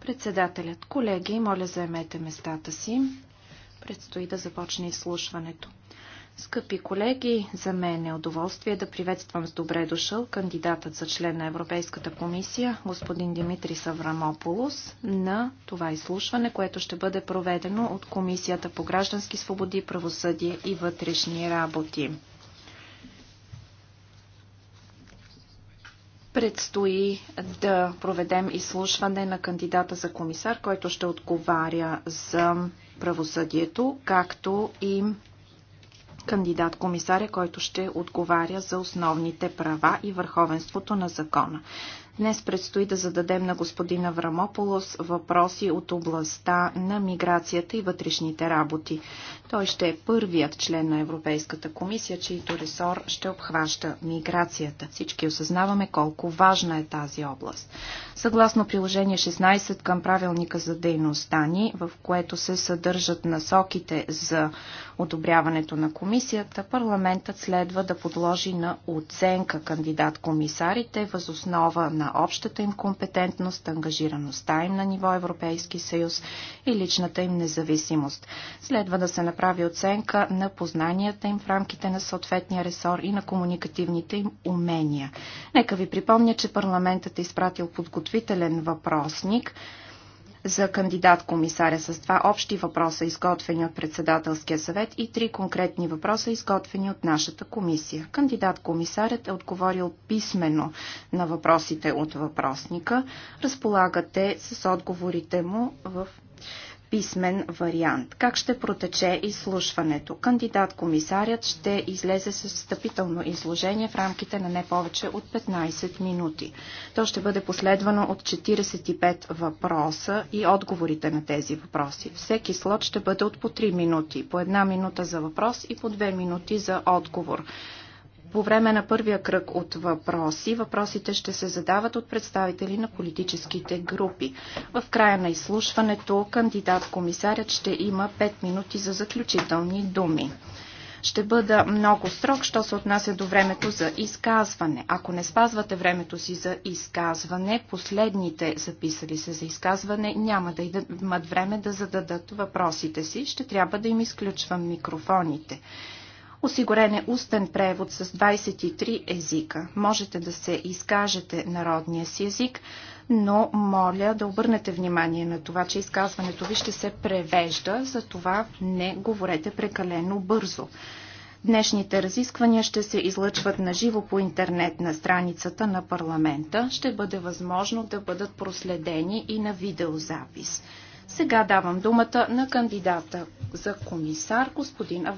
Председателят, колеги, моля заемете местата си. Предстои да започне изслушването. Скъпи колеги, за мен е удоволствие да приветствам с добре дошъл кандидатът за член на Европейската комисия, господин Димитри Саврамополос, на това изслушване, което ще бъде проведено от Комисията по граждански свободи, правосъдие и вътрешни работи. Предстои да проведем изслушване на кандидата за комисар, който ще отговаря за правосъдието, както и кандидат-комисаря, който ще отговаря за основните права и върховенството на закона. Днес предстои да зададем на господин Аврамополос въпроси от областта на миграцията и вътрешните работи. Той ще е първият член на Европейската комисия, чийто ресор ще обхваща миграцията. Всички осъзнаваме колко важна е тази област. Съгласно приложение 16 към правилника за дейността ни, в което се съдържат насоките за одобряването на комисията, комисията, парламентът следва да подложи на оценка кандидат-комисарите възоснова на общата им компетентност, ангажираността им на ниво Европейски съюз и личната им независимост. Следва да се направи оценка на познанията им в рамките на съответния ресор и на комуникативните им умения. Нека ви припомня, че парламентът е изпратил подготвителен въпросник, за кандидат-комисаря с два общи въпроса, изготвени от председателския съвет и три конкретни въпроса, изготвени от нашата комисия. Кандидат-комисарят е отговорил писменно на въпросите от въпросника. Разполагате с отговорите му в писмен вариант. Как ще протече изслушването? Кандидат-комисарят ще излезе с встъпително изложение в рамките на не повече от 15 минути. То ще бъде последвано от 45 въпроса и отговорите на тези въпроси. Всеки слот ще бъде от по 3 минути, по 1 минута за въпрос и по 2 минути за отговор. По време на първия кръг от въпроси, въпросите ще се задават от представители на политическите групи. В края на изслушването кандидат-комисарят ще има 5 минути за заключителни думи. Ще бъда много строг, що се отнася до времето за изказване. Ако не спазвате времето си за изказване, последните записали се за изказване няма да имат време да зададат въпросите си. Ще трябва да им изключвам микрофоните. Осигурен е устен превод с 23 езика. Можете да се изкажете народния си език, но моля да обърнете внимание на това, че изказването ви ще се превежда, затова не говорете прекалено бързо. Днешните разисквания ще се излъчват на живо по интернет на страницата на парламента. Ще бъде възможно да бъдат проследени и на видеозапис. Сега давам думата на кандидата за комисар господин Аврам.